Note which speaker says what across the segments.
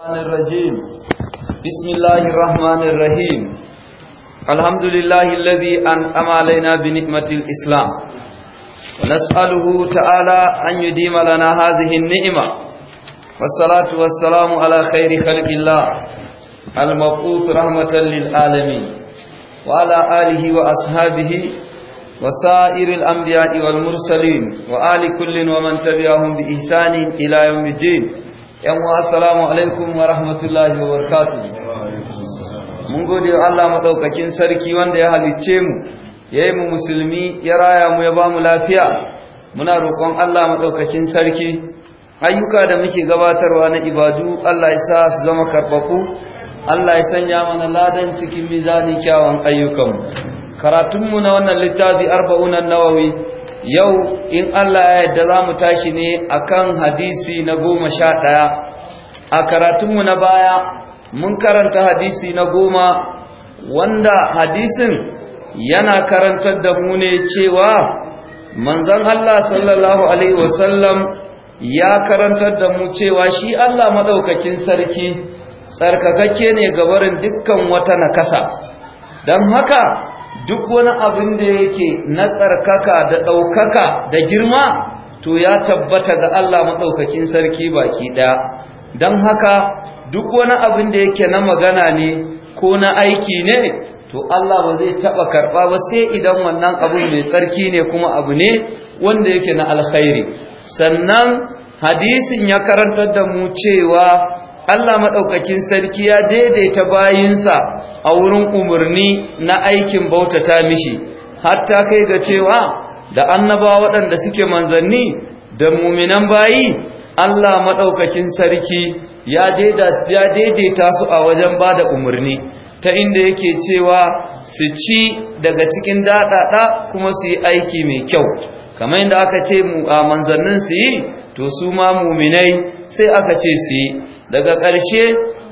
Speaker 1: الرحمن الرجيم بسم الله الرحمن الرحيم الحمد لله الذي أنعم علينا بنعمة الإسلام ونسأله تعالى أن يديم لنا هذه النعمة والصلاة والسلام على خير خلق الله المبعوث رحمة للعالمين وعلى آله وأصحابه وسائر الأنبياء والمرسلين وآل كل ومن تبعهم بإحسان إلى يوم الدين yanwa assalamu alaikum wa rahmatullahi wa barakatuh mun gode Allah madaukakin sarki wanda ya halicce mu yayi mu musulmi ya raya mu ya bamu lafiya muna roƙon Allah madaukakin sarki ayyuka da muke gabatarwa na ibadu Allah ya sa su zama karbaku Allah ya sanya mana ladan cikin mizani kyawun ayyukanmu karatunmu na wannan littafi arba'unan nawawi yau in Allah ya yadda za mu tashi ne a kan hadisi na goma sha ɗaya a karatunmu na baya mun karanta hadisi na goma wanda hadisin yana karantar da mu ne cewa manzon Allah sallallahu alaihi wasallam ya karantar da mu cewa shi Allah maɗaukakin sarki tsarkakakke ne gabarin dukkan wata nakasa don haka duk wani abin da yake na tsarkaka da ɗaukaka da girma to ya tabbata ga Allah maɗaukakin sarki baki ɗaya don haka duk wani abin da yake na magana ne ko na aiki ne to Allah ba zai taɓa karɓa ba sai idan wannan abin mai tsarki ne kuma abu ne wanda yake na alkhairi sannan hadisin ya karantar da mu cewa Allah maɗaukacin sarki ya daidaita bayinsa a wurin umarni na aikin bautata mishi hatta kai ga cewa da annaba waɗanda suke manzanni da muminan bayi Allah maɗaukacin sarki ya daidaita su a wajen ba da umarni ta inda yake cewa su ci daga cikin daɗaɗa kuma su yi aiki mai kyau kamar yadda aka ce manzannin su yi to su ma muminai sai aka ce su daga ƙarshe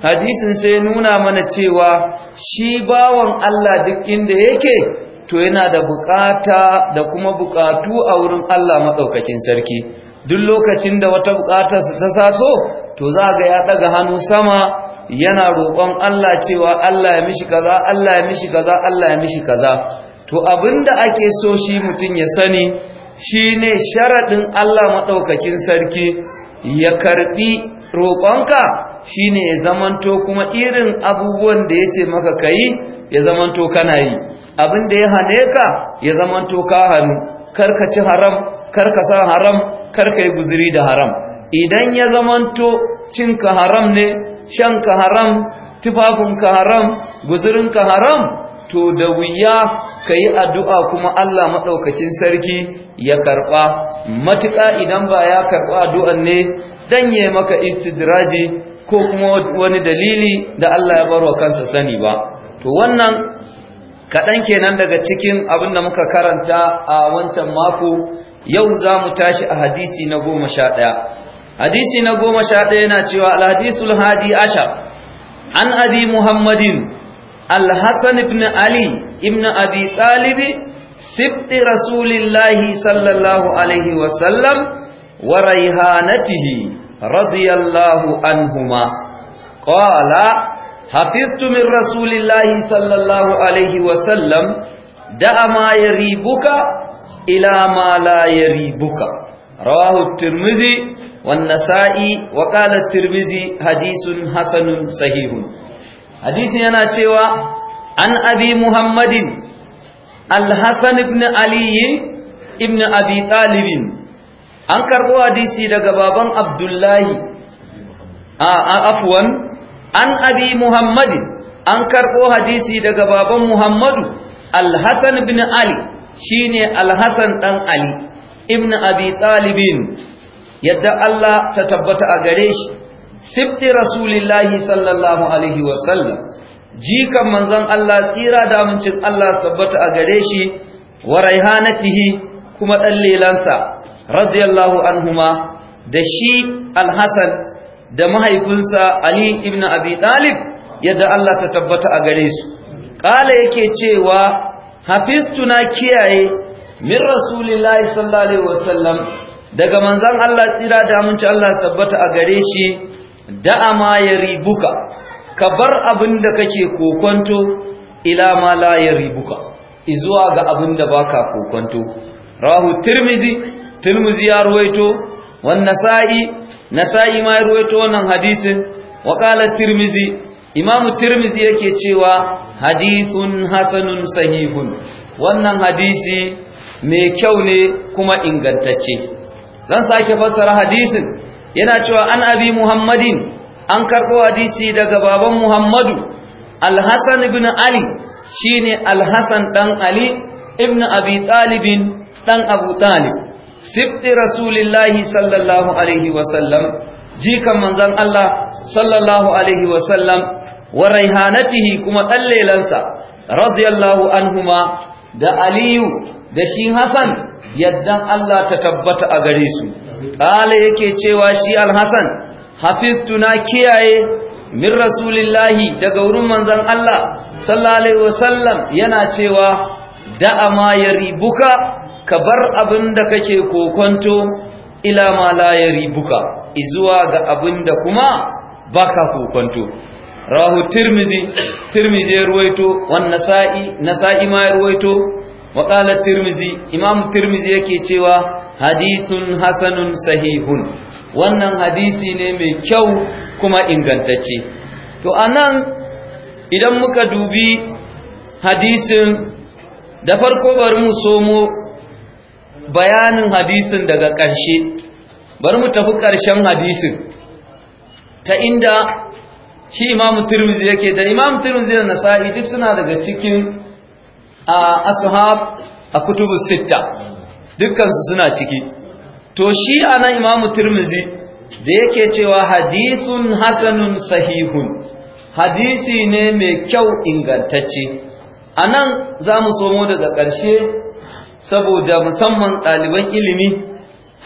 Speaker 1: hadisin sai nuna mana cewa shi bawan Allah duk inda yake to yana da bukata da kuma bukatu a wurin Allah maɗaukakin sarki duk lokacin da wata bukatar ta saso to za ga ya ɗaga hannu sama yana roƙon Allah cewa Allah ya mishi kaza Allah ya mishi kaza Allah ya mishi kaza to abinda ake so shi mutum ya sani Shi ne sharaɗin Allah maɗaukakin sarki ya karɓi roƙonka Shi ne ya zamanto kuma irin abubuwan da ya ce maka yi ya zamanto kana yi abin da ya hane ka ya zamanto ka hannu karka ci haram karka sa haram karka yi guzuri da haram idan ya zamanto cinka haram ne shanka haram tufafinka haram guzurinka haram to da wuya ka yi addu'a kuma Allah maɗaukacin sarki ya karɓa matuƙa idan ba ya karɓa addu'an ne dan ya maka istidraji ko kuma wani dalili da Allah ya barwa kansa sani ba to wannan kaɗan kenan daga cikin abin da muka karanta a wancan mako yau za mu tashi a hadisi na goma sha ɗaya hadisi na goma sha ɗaya yana cewa alhadisul hadi ashar an abi muhammadin Alhassan ibn Ali, Ibn Abi طالب sibti rasulillahi sallallahu alaihi wasallam wa raihanatihi radiyallahu anhuma qala حفظت من رسول الله صلى الله عليه وسلم دع ما يريبك إلى ما لا يريبك رواه الترمذي والنسائي وقال الترمذي حديث حسن صحيح حديث ينا cewa عن أبي محمد alhassan ibn Ali ibn abi Talib an karɓo hadisi daga baban abdullahi a ah, ah, afuwan an abi Muhammad an karɓo hadisi daga baban muhammadu alhassan ibn ali shine alhassan ɗan ali ibn abi Talib yadda Allah ta tabbata a gare shi sibti rasulillahi sallallahu alaihi wasallam jikan manzon Allah tsira da amincin Allah sabbata a gare shi wa raihanatihi kuma dan lelansa radiyallahu anhuma da shi alhasan da mahaifinsa ali ibn abi talib yadda Allah ta tabbata a gare su kala yake cewa hafiztuna kiyaye min rasulillahi sallallahu alaihi wasallam daga manzon Allah tsira da amincin Allah sabbata a gare shi da'ama ya ribuka. ka bar abin da kake kokonto ila ma la yaribuka izuwa ga abin da baka kokonto rahu tirmizi tirmizi ya ruwaito wan nasa'i nasa'i ma ya ruwaito wannan hadisin wa qala tirmizi imam tirmizi yake cewa hadithun hasanun sahihun wannan hadisi mai kyau ne kuma ingantacce zan sake fassara hadisin yana cewa an abi muhammadin an karɓo hadisi daga baban Muhammadu Alhassan ibn Ali shine Alhassan dan Ali ibn Abi Talib dan Abu Talib sibti Rasulillahi sallallahu alaihi wasallam jikan manzon Allah sallallahu alaihi wasallam wa raihanatihi kuma dallelansa radiyallahu anhuma da Aliyu da shi Hassan yaddan Allah ta tabbata a gare su qala yake cewa shi Alhassan hafiztu na kiyaye min rasulillahi daga wurin manzon Allah sallallahu alaihi wasallam yana cewa da'a ma ribuka ka bar abin da kake kokonto ila ma la buka, izuwa ga abin da kuma baka kokonto rahu tirmizi tirmizi ya ruwaito wan nasa'i nasa'i ma ya ruwaito wa tirmizi imam tirmizi yake cewa hadithun hasanun sahihun wannan hadisi ne mai kyau kuma ingantacce to anan idan muka dubi hadisin da farko bari mu somo bayanin hadisin daga ƙarshe bari mu tafi ƙarshen hadisin ta inda shi imamu turmizi yake da imamu turmizi da nasa'i duk suna daga cikin a ashab a kutubu sitta dukkansu suna ciki to shi anan imamu tirmizi da yake cewa hadisun hasanun sahihun hadisi ne mai kyau ingantacce anan za mu somo daga ƙarshe saboda musamman ɗaliban ilimi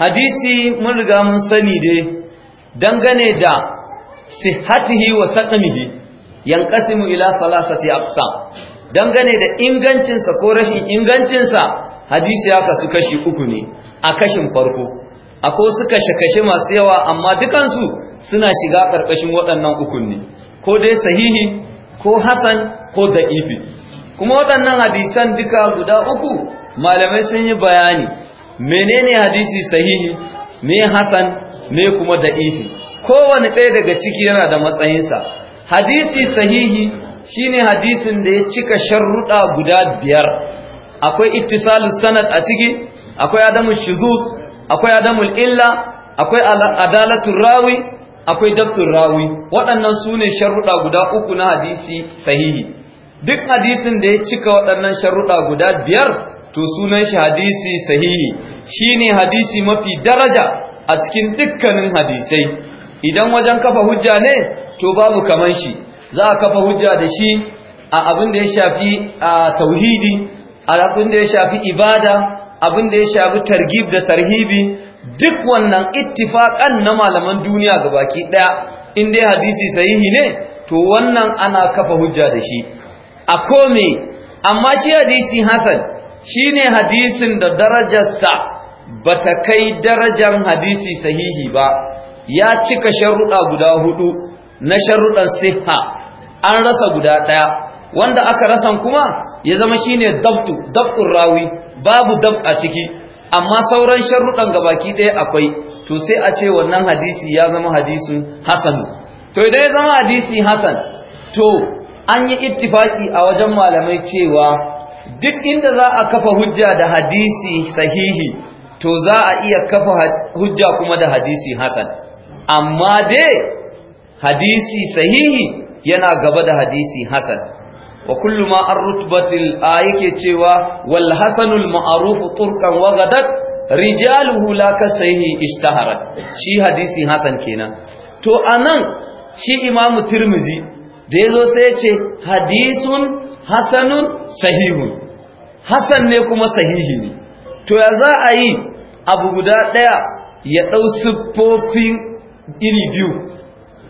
Speaker 1: hadisi mun riga mun sani dai dangane da sihatihi wa yankasi yanqasimu ila thalathati aqsam dangane da ingancinsa ko rashin ingancinsa hadisi ya kasu kashi uku ne a kashin farko akwai su kashe-kashe masu yawa amma dukansu suna shiga ƙarƙashin waɗannan ukun ne ko dai sahihi ko hasan ko da'ifi kuma waɗannan hadisan duka guda uku malamai sun yi bayani menene hadisi sahihi me hasan me kuma da'ifi kowane ɗaya daga ciki yana da matsayinsa hadisi sahihi shine hadisin da ya cika sharruɗa guda biyar akwai ittisalus sanad a ciki akwai adamu shuzuz akwai adamul illa akwai adalatul rawi akwai dabtul rawi waɗannan su ne sharuɗa guda uku na hadisi sahihi duk hadisin da ya cika waɗannan sharuɗa guda biyar to sunan shi hadisi sahihi Shi ne hadisi mafi daraja a cikin dukkanin hadisai idan wajen kafa hujja ne to babu kaman shi za a kafa hujja da shi a abin da ya shafi a tauhidi a abin da ya shafi ibada abin da ya shafi targib da tarhibi duk wannan ittifaqan na malaman duniya gabaki daya in dai hadisi sahihi ne to wannan ana kafa hujja da shi a kome amma shi hadisi hasan shine hadisin da darajarsa bata kai darajar hadisi sahihi ba ya cika sharuɗa guda hudu na sharuɗan siha an rasa guda ɗaya wanda aka rasa kuma ya zama shine dabtu dabtun rawi babu dam a ciki amma sauran sharruɗan gabaki ɗaya akwai to sai a ce wannan hadisi ya zama hadisin hasan to idan ya zama hadisi hasan to an yi ittifaki a wajen malamai cewa duk inda za a kafa hujja da hadisi sahihi to za a iya kafa hujja kuma da hadisi hasan amma dai hadisi sahihi yana gaba da hadisi hasan wa kullu ma an rutbatil a yake cewa wal hasanul ma'ruf turkan wa gadat rijaluhu la kasaihi ishtaharat shi hadisi hasan kenan to anan shi imamu tirmizi da yazo sai ce hadisun hasanun sahihun hasan ne kuma sahihi ne to ya za a yi abu guda ɗaya ya dau siffofin iri biyu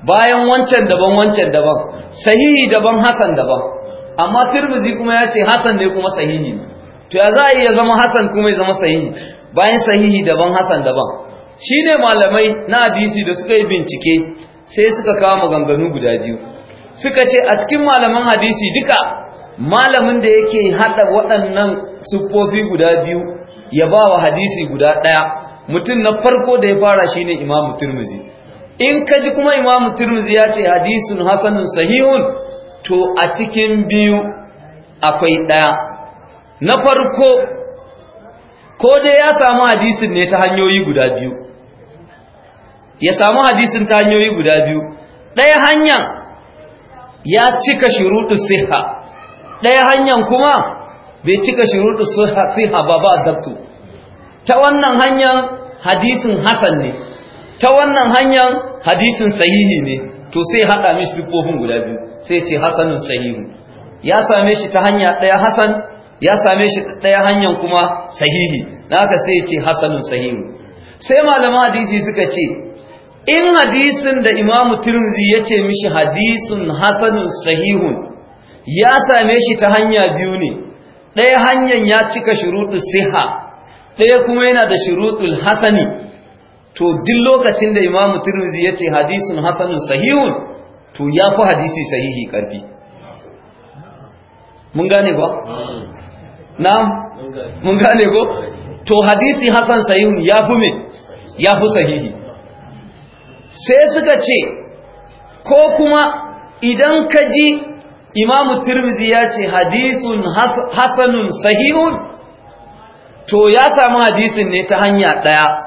Speaker 1: bayan wancan daban wancan daban sahihi daban hasan daban amma tirmizi kuma ya ce hasan ne kuma sahihi to ya za a iya zama Hassan kuma ya zama sahihi bayan sahihi daban hasan daban shi ne malamai na hadisi da suka yi bincike sai suka kawo maganganu guda biyu suka ce a cikin malaman hadisi duka malamin da yake haɗa waɗannan siffofi guda biyu ya ba wa hadisi guda ɗaya mutum na farko da ya fara shi ne imamu turmuzi in ka ji kuma imamu tirmizi ya ce hadisun hasanun sahihun to a cikin biyu akwai ɗaya na farko ko dai ya samu hadisin ne ta hanyoyi guda biyu ya samu hadisin ta hanyoyi guda biyu ɗaya hanyar ya cika shuruɗu siha ɗaya hanyar kuma bai cika shuruɗu siha ba ba zabtu ta wannan hanyar hadisin hasan ne ta wannan hanyar hadisin sahihi ne to sai haɗa mishi kofin guda biyu sai ce hasanun sahihu ya same shi ta hanya ɗaya hasan ya same shi ɗaya hanyar kuma sahihi na haka sai ce hasanun sahihu sai malaman hadisi suka ce in hadisin da imam tirmidhi yace mishi hadisun hasanun sahihun ya same shi ta hanya biyu ne ɗaya hanyar ya cika shuruɗu siha ɗaya kuma yana da shuruɗul hasani to duk lokacin da imamu turuzi ya ce hadisun hasanun sahihun to ya fi hadisi sahihi ƙarfi mun gane ba? na mun gane ko? to hadisi hasan sahihun ya fi me ya fi sahihi sai suka ce ko kuma idan ka ji imamu turuzi ya ce hadisun hasanun sahihun to ya samu hadisin ne ta hanya ɗaya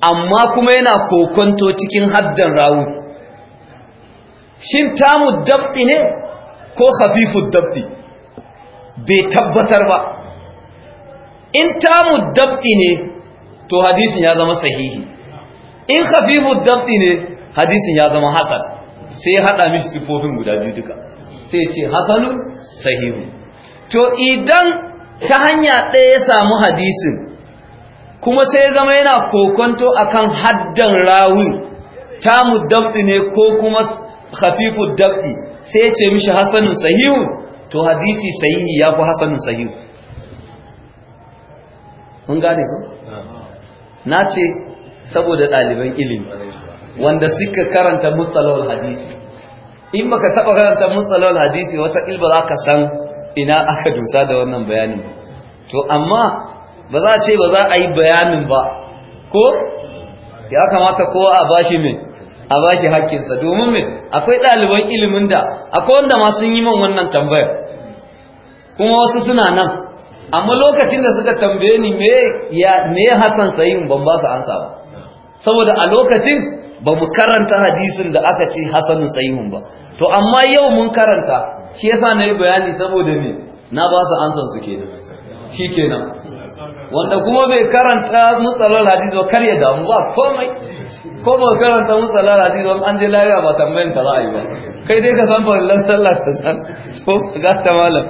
Speaker 1: amma kuma yana kokonto cikin haddan rawu shin tamu dabti ne ko hafifu dabti bai tabbatar ba in tamu dabti ne to hadisin ya zama sahihi in hafifu dabti ne hadisin ya zama hasan sai ya haɗa mishi sifofin guda biyu duka sai ce hasanun sahihu to idan ta hanya ɗaya ya samu hadisin kuma sai zama yana kokonto akan haddan rawi mu dabdi ne ko kuma khafifu dabdi sai ya ce mishi hasanun sahihu to hadisi sahihi ya fi hasanun sahihu mun gane ko na ce saboda ɗaliban ilimi wanda suka karanta mustalawar hadisi in baka taɓa karanta mustalawar hadisi wata ilba za ka san ina aka dusa da wannan bayanin to amma ba za ce ba za a yi bayanin ba ko ya kamata kowa a bashi min a bashi hakkinsa domin min akwai ɗaliban ilimin da akwai wanda ma sun yi man wannan tambayar kuma wasu suna nan amma lokacin da suka tambaye ni me ya me Hassan Sayyid ban ba su ansa ba saboda a lokacin ba mu karanta hadisin da aka ce Hassan Sayyid ba to amma yau mun karanta shi yasa na yi bayani saboda me na ba su ansan su kenan kenan wanda kuma bai karanta mutsalar hadisi ba kar ya damu ba komai ko ba karanta mutsalar hadisi ba an je lafiya ba tambayin ta ra'ayi ba kai dai ka san farillan sallah ta san so ga ta malam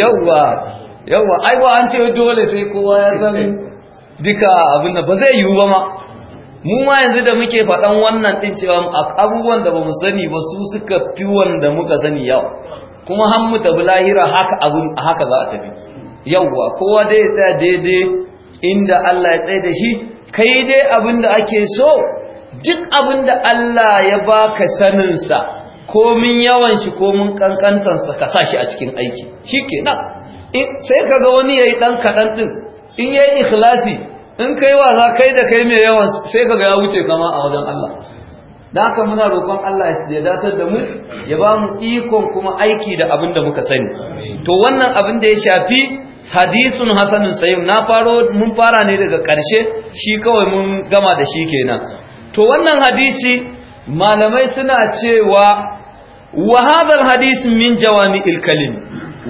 Speaker 1: yawwa yawwa ai ba an ce dole sai kowa ya san duka abin da ba zai yiwu ba ma mu ma yanzu da muke faɗan wannan ɗin cewa abubuwan da ba mu sani ba su suka fi wanda muka sani yau kuma han mu tabi lahira haka abin haka za a tafi yawwa kowa dai ya tsaya daidai inda Allah ya tsaye da shi kai dai abin da ake so duk abin da Allah ya baka saninsa ko min yawan shi min kankantansa ka sa shi a cikin aiki shi kenan sai ka ga wani ya yi ɗan kaɗan ɗin in ya yi ikhlasi in kai wasa kai da kai mai yawan sai ka ga ya wuce kama a wajen Allah da haka muna roƙon Allah ya datar da mu ya ba mu ikon kuma aiki da abin da muka sani to wannan abin da ya shafi hadisun hasanun Sayin na faro mun fara ne daga ƙarshe shi kawai mun gama da shi kenan to wannan hadisi malamai suna cewa wa hadal hadis min jawami kalim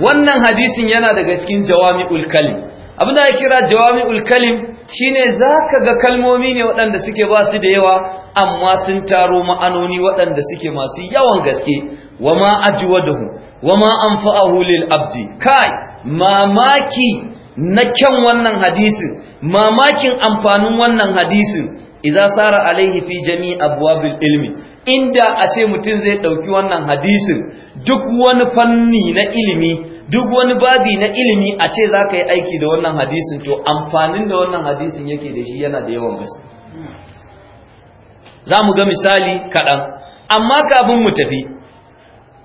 Speaker 1: wannan hadisin yana daga cikin jawami'ul Abin abinda ya kira jawami ulkalim shine zaka ga kalmomi ne waɗanda suke ba su da yawa amma sun taro ma'anoni waɗanda suke masu yawan gaske Wa ma Wa ma wama anfa'ahu lil abdi kai mamaki na kyan wannan hadisin mamakin amfanin wannan hadisin Iza sara alaihi fi jami abwabil ilmi inda a ce mutum zai ɗauki wannan hadisin duk wani fanni na ilimi duk wani babi na ilimi a ce za ka yi aiki da wannan hadisin to amfanin da wannan hadisin yake da shi yana da yawan gaske za mu ga misali kaɗan amma kafin mu tafi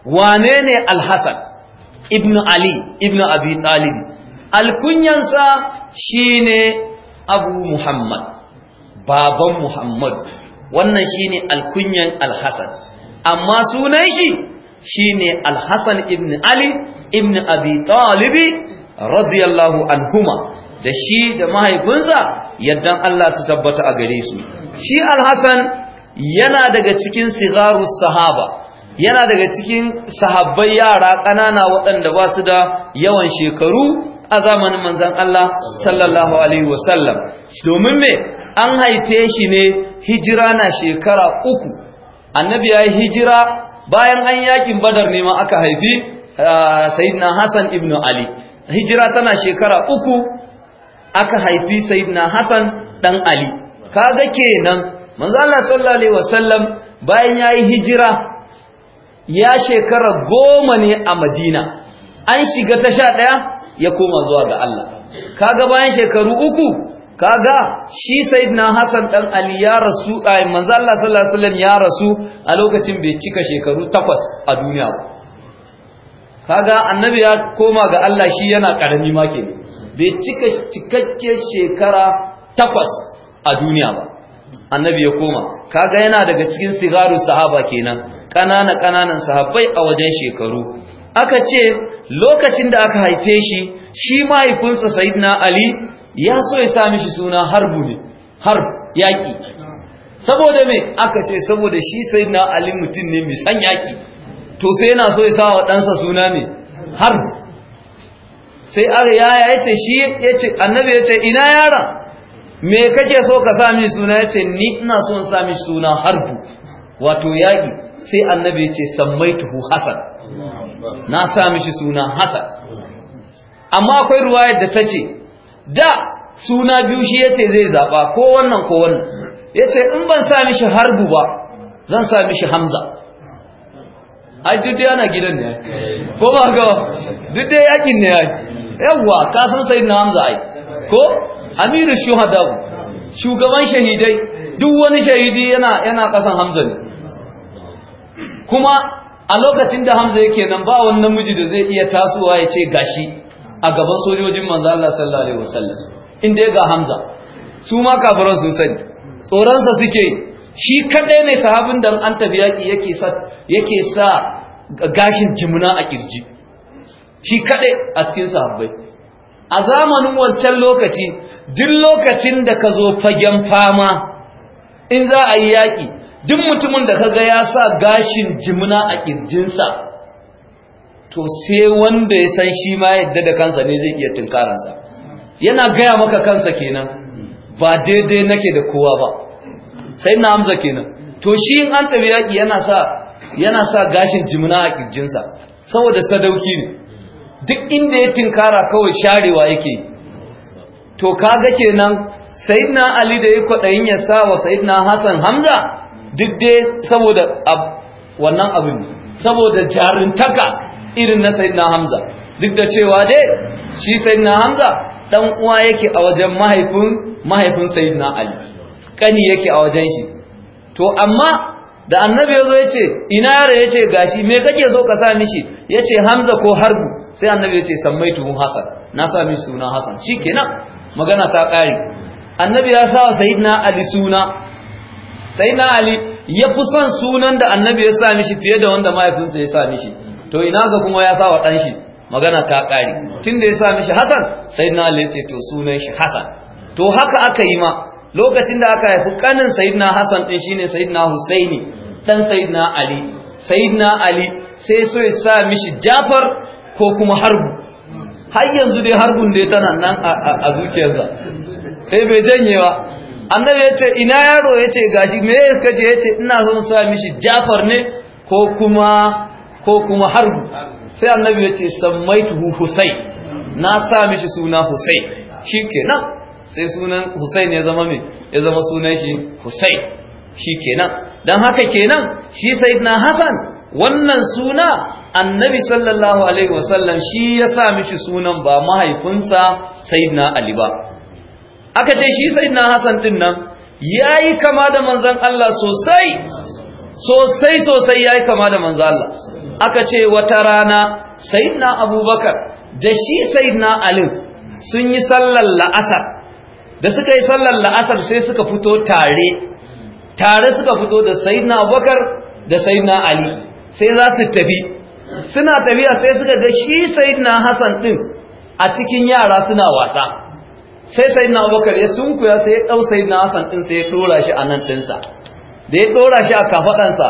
Speaker 1: wane ne alhassan ibn Ali ibn Abi Talib alkunyansa shine Abu Muhammad baban Muhammad wannan shine alkunyan Al-Hasan amma sunan shi shine Al-Hasan ibn Ali ibn Abi Talib radiyallahu anhuma da shi da mahaifinsa yaddan Allah su tabbata a gare su shi Al-Hasan yana daga cikin sigarus sahaba yana daga cikin sahabbai yara ƙanana waɗanda ba su da yawan shekaru a zamanin manzan Allah sallallahu alaihi wasallam domin me an haife shi ne hijira na shekara uku annabi ya yi hijira bayan an yakin badar ne ma aka haifi ah, sayidina hassan ibn ali hijira tana shekara uku aka haifi sayidina hassan ɗan ali Ka ga kenan manzan Allah sallallahu alaihi wasallam bayan ya yi hijira ya shekara goma ne a madina an shiga ta sha ɗaya ya koma zuwa ga Allah kaga bayan shekaru uku kaga shi sayyidina Hassan dan Ali ya rasu ai manzo Allah sallallahu alaihi wasallam ya rasu a lokacin bai cika shekaru takwas a duniya kaga annabi ya koma ga Allah shi yana karami ma ke bai cika cikakke shekara takwas a duniya ba annabi ya koma kaga yana daga cikin sigaru sahaba kenan ƙanana ƙananan sahabbai a wajen shekaru aka ce lokacin da aka haife shi shi mahaifinsa sayyidina ali ya so ya sami shi suna harbu ne har yaƙi saboda me aka ce saboda shi sayyidina ali mutum ne mai san yaƙi to sai yana so ya sa wa ɗansa suna ne har. sai aka yaya ya ce shi ya ce annabi ya ce ina yara me kake so ka sami suna ya ce ni ina so in sami suna harbu wato yaƙi sai annabi ya ce sammaituhu hasan na sa mishi suna hasan amma akwai ruwayar da ta ce da suna biyu shi ya ce zai zaɓa ko wannan ko wannan ya ce in ban sa mishi harbu ba zan sa mishi hamza ai duk dai gidan ne ko ba ga duk dai yaƙin ne ai yawwa ka san sai na hamza ai ko amiru shuhada shugaban shahidai duk wani shahidi yana yana kasan hamza ne kuma a lokacin da hamza yake nan ba wannan miji da zai iya tasowa ya ce gashi a gaban sojojin manzo Allah sallallahu alaihi wasallam inda ga hamza su ma kafiran su sani sa suke shi kadai ne sahabin da an tafi yaki yake sa yake sa gashin jimuna a kirji shi kadai a cikin sahabbai a zamanin wancan lokaci duk lokacin da ka zo fagen fama in za a yi yaki duk mutumin da kaga ya sa gashin jimina a ƙirjinsa to sai wanda ya san shi ma yadda da kansa ne zai iya tunkaransa yana gaya maka kansa kenan ba daidai nake da kowa ba sai na hamza kenan to shi in an tabi yaƙi yana sa yana sa gashin jimina a ƙirjinsa saboda sadauki ne duk inda ya tunkara kawai sharewa yake to kaga kenan sayyidina ali da ya kwaɗayin ya sa wa sayyidina hassan hamza duk dai saboda wannan abin saboda jarintaka irin na sayyidina hamza duk da cewa dai shi sayyidina hamza dan uwa yake a wajen mahaifin mahaifin sayyidina ali kani yake a wajen shi to amma da annabi ya zo ya ce ina yare ya ce gashi me kake so ka sa mishi ya ce hamza ko harbu sai annabi ya ce sammai tuhun hasan na sa mishi suna hasan shi kenan magana ta ƙari annabi ya sa wa ali suna sai na ali ya fi son sunan da annabi ya sami shi fiye da wanda mahaifinsa ya sami shi. to ina ga kuma ya sa wa ɗan shi magana ta ƙari tun da ya sami shi hasan sai na ali ce to sunan shi hasan to haka aka yi ma lokacin da aka haifi ƙanin sayidina hasan ɗin shine sayidina husaini ɗan sayidina ali sayidina ali sai so ya sa mishi jafar ko kuma harbu har yanzu dai harbun ya tana nan a zuciyarsa sai bai janye ba annabi ya ce ina yaro ya ce gashi me ya ce ya ce ina son sa mishi jafar ne ko kuma ko kuma harbu sai annabi ya ce sammaitu Husai. na sa mishi suna Shi shikenan sai sunan husain ya zama me ya zama sunan shi Shi shikenan dan haka kenan shi sayyidina hasan wannan suna annabi sallallahu alaihi wasallam shi ya sa mishi sunan ba mahaifinsa sayyidina ali ba aka ce shi sai na hasan din nan ya yi kama da manzan Allah sosai sosai sosai ya yi kama da manzan Allah aka ce wata rana sai na abubakar da shi sai na sun yi sallar la'asar da suka yi sallar la'asar sai suka fito tare tare suka fito da sai na abubakar da sai na ali sai za su tafi suna tafiya sai suka ga shi sai na hasan din a cikin yara suna wasa sai sai na abubakar ya sunkuya sai ya dau na hasan din sai ya ɗora shi a nan dinsa da ya dora shi a kafadansa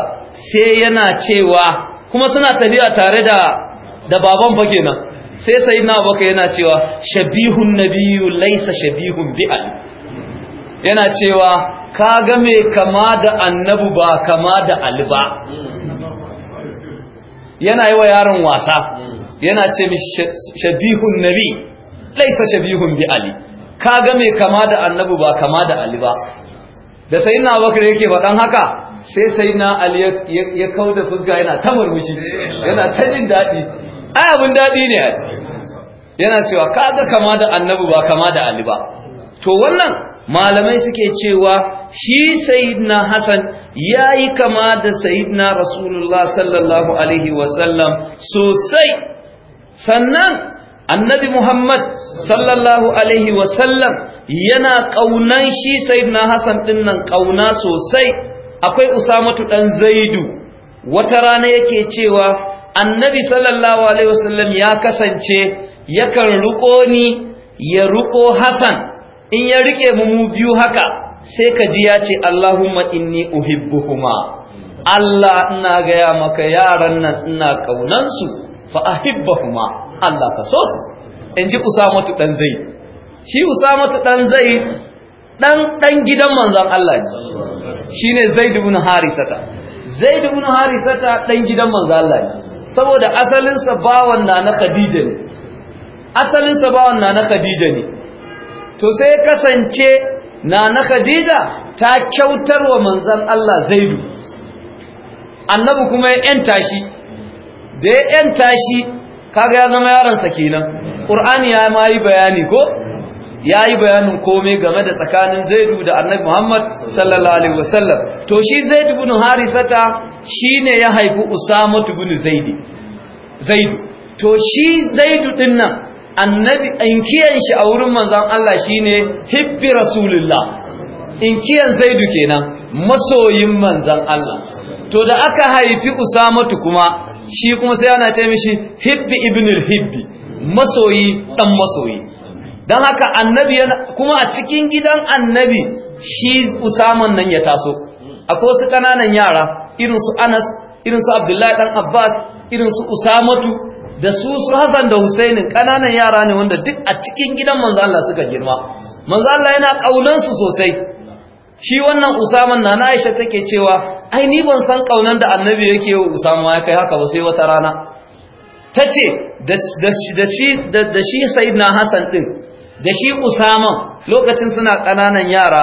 Speaker 1: sai yana cewa kuma suna tafiya tare da da baban fa kenan sai sai na abubakar yana cewa shabihun nabiyyu laysa shabihun bi yana cewa ka ga mai kama da annabu ba kama da ali ba yana yi wa yaron wasa yana ce mi shabihun nabi laisa shabihun bi ali ka ga mai kama da annabi ba kama da ali ba da sai na bakar yake faɗan haka sai sai na ali ya kawo da fuska yana ta murmushi yana ta jin daɗi ai abin daɗi ne yana cewa ka ga kama da annabi ba kama da ali ba to wannan malamai suke cewa shi sayyidina hasan ya yi kama da sayyidina rasulullah sallallahu alaihi wasallam sosai sannan annabi Muhammad sallallahu alaihi wasallam yana ƙaunan shi sayyidina Hassan ɗin nan ƙauna sosai akwai Usamatu ɗan Zaidu wata rana yake cewa annabi sallallahu alaihi wasallam ya kasance yakan ruko ni ya ruko Hassan in ya rike mu mu biyu haka sai ka ji ya ce Allahumma inni uhibbuhuma Allah ina gaya maka yaran nan ina ƙaunansu fa ahibbahuma Allah ka so su in ji usamatu dan zai shi usamatu dan zai dan dan gidan manzon Allah ne shine zaid ibn harisata zaid ibn harisata dan gidan manzon Allah ne saboda asalin sa bawan na na khadija ne asalin sa bawan na na khadija ne to sai kasance na na khadija ta kyautar wa manzon Allah zaidu annabi kuma ya yanta shi da ya yanta shi kaga ya zama yaransa kenan qur'ani ya ma yi bayani ko ya yi bayanin komai game da tsakanin zaidu da annabi muhammad sallallahu alaihi wasallam to shi zaidu bin harisata shine ya haifi usama bin zaidi zaidu to shi zaidu din nan annabi inkiyan shi a wurin manzon Allah shine hibbi rasulullah inkiyan zaidu kenan masoyin manzon Allah to da aka haifi usama kuma shi kuma sai ana ce mishi hibbi ibnul hibbi masoyi dan masoyi don haka annabi kuma a cikin gidan annabi shi usaman nan ya taso akwai wasu kananan yara irin su anas irin abdullahi dan abbas irin su usamatu da su su hasan da husainin kananan yara ne wanda duk a cikin gidan manzo Allah suka girma manzo Allah yana kaulansu sosai shi wannan usaman na na aisha take cewa ai ni ban san kaunan da annabi yake wa usama ya kai haka ba sai wata rana ta ce da shi sayidina hassan din da shi usama lokacin suna ƙananan yara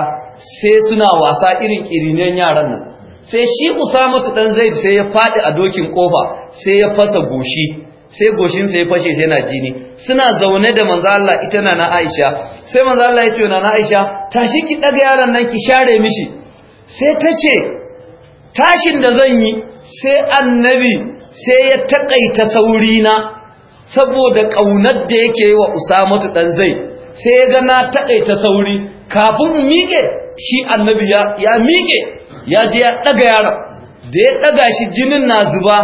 Speaker 1: sai suna wasa irin ƙirinen yaran nan sai shi usama su ɗan zai sai ya faɗi a dokin kofa sai ya fasa goshi sai goshinsa ya fashe sai na jini suna zaune da manzo Allah ita na Aisha sai manzo Allah ya ce na Aisha tashi ki daga yaran nan ki share mishi sai ta ce tashin da zan yi sai annabi sai ya takaita saurina saboda ƙaunar da yake yi wa usamatu ɗan zai sai ya gana takaita sauri kafin miƙe shi annabi ya miƙe ya je ya ɗaga yaron da ya ɗaga shi jinin na zuba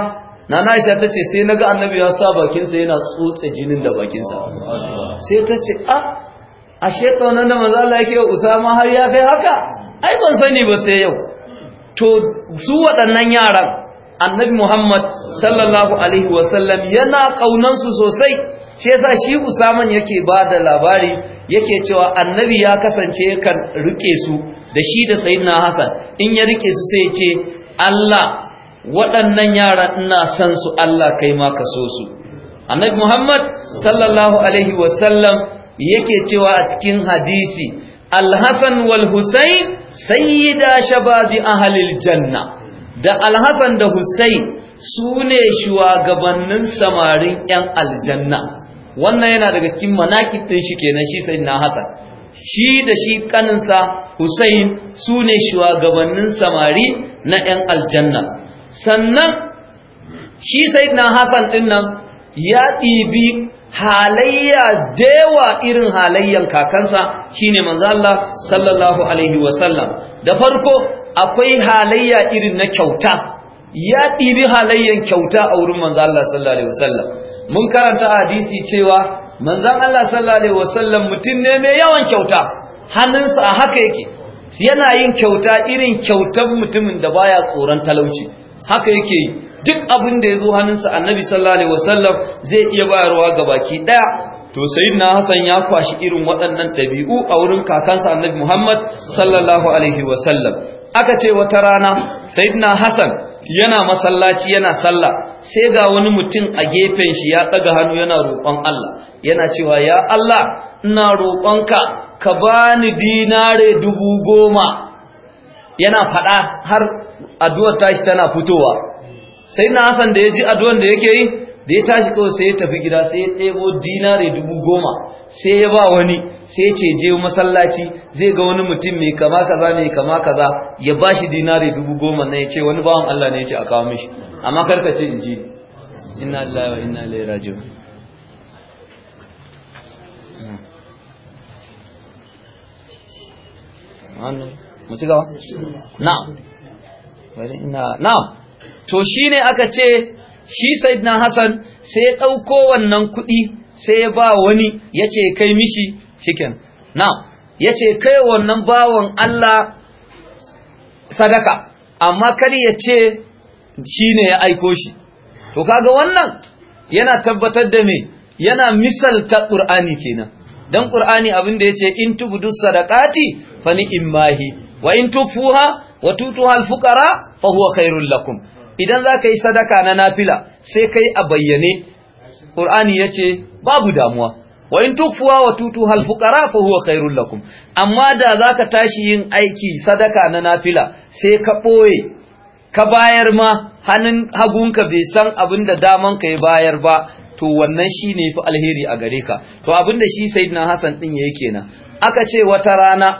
Speaker 1: na nasha ta ce sai na ga annabi ya sa bakinsa yana tsotse jinin da bakinsa sai ta ce a ah, ashe ƙaunar da maza Allah yake wa usama har ya kai haka ai ban sani ba sai yau to su waɗannan yaran annabi Muhammad sallallahu alaihi wasallam yana ƙaunansu sosai shi yasa shi Usaman yake ba da labari yake cewa annabi ya kasance kan rike su da shi da sayyidina Hassan in ya rike su sai ce Allah waɗannan yaran ina san su Allah kai ma ka so su annabi Muhammad sallallahu alaihi wasallam yake cewa a cikin hadisi Al-Hasan wal Husayn sayyida shababi ahlil janna da alhassan da Hussein su ne shugabannin samarin 'yan aljanna wannan yana daga cikin manakitin shi kenan shi sai na Hassan shi da shi kaninsa husain su ne shugabannin samari na 'yan aljanna sannan shi sai na Hassan dinnan ya ɗibi halayya dewa irin halayyan kakansa shine manzo Allah sallallahu alaihi wasallam da farko akwai halayya irin na kyauta ya ɗibi halayyan kyauta a wurin manzo Allah sallallahu alaihi wasallam mun karanta hadisi cewa manzo Allah sallallahu alaihi wasallam mutum ne mai yawan kyauta hannunsa a haka yake yana yin kyauta irin kyautar mutumin da baya tsoron talauci haka yake yi duk abin da ya zo hannunsa annabi sallallahu alaihi wasallam zai iya bayarwa ga baki daya to sayyidina hasan ya kwashi irin waɗannan dabi'u a wurin kakansa annabi muhammad sallallahu alaihi wasallam aka ce wata rana sayyidina hasan yana masallaci yana sallah sai ga wani mutum a gefen shi ya ɗaga hannu yana roƙon allah yana cewa ya allah ina roƙonka ka bani dinare dubu goma yana faɗa har addu'ar tashi tana fitowa sai na hasan da ya ji addu'an da yake yi da ya tashi kawai sai ya tafi gida sai ya ɗebo dinare dubu goma sai ya ba wani sai ya ce je masallaci zai ga wani mutum mai kama kaza mai kama kaza ya ba shi dinare dubu goma na ya ce wani bawan Allah ne ya ce a kawo mishi amma karka ce in ji inna lillahi wa inna ilaihi raji'un hmm. mu na'am na'am to shine aka ce shi sayyidina Hassan sai ya dauko wannan kuɗi sai ya ba wani yace kai mishi shiken na yace kai wannan bawon Allah sadaka amma kar ya ce shine ya aiko shi to kaga wannan yana tabbatar da me yana misalta qur'ani kenan dan qur'ani abin da yace in tubudu sadaqati fani imahi wa in tufuha wa tutuha al-fuqara fa huwa khairul lakum idan za ka yi sadaka na nafila sai kai a bayyane ƙur'ani ya ce babu damuwa wa in tukfuwa wa tutu halfuƙara fa huwa lakum amma da za ka tashi yin aiki sadaka na nafila sai ka ɓoye ka bayar ma hannun hagunka bai san abin da daman ka yi bayar ba to wannan shi ne fi alheri a gare ka to abin da shi sai na hassan ɗin ya yi kenan aka ce wata rana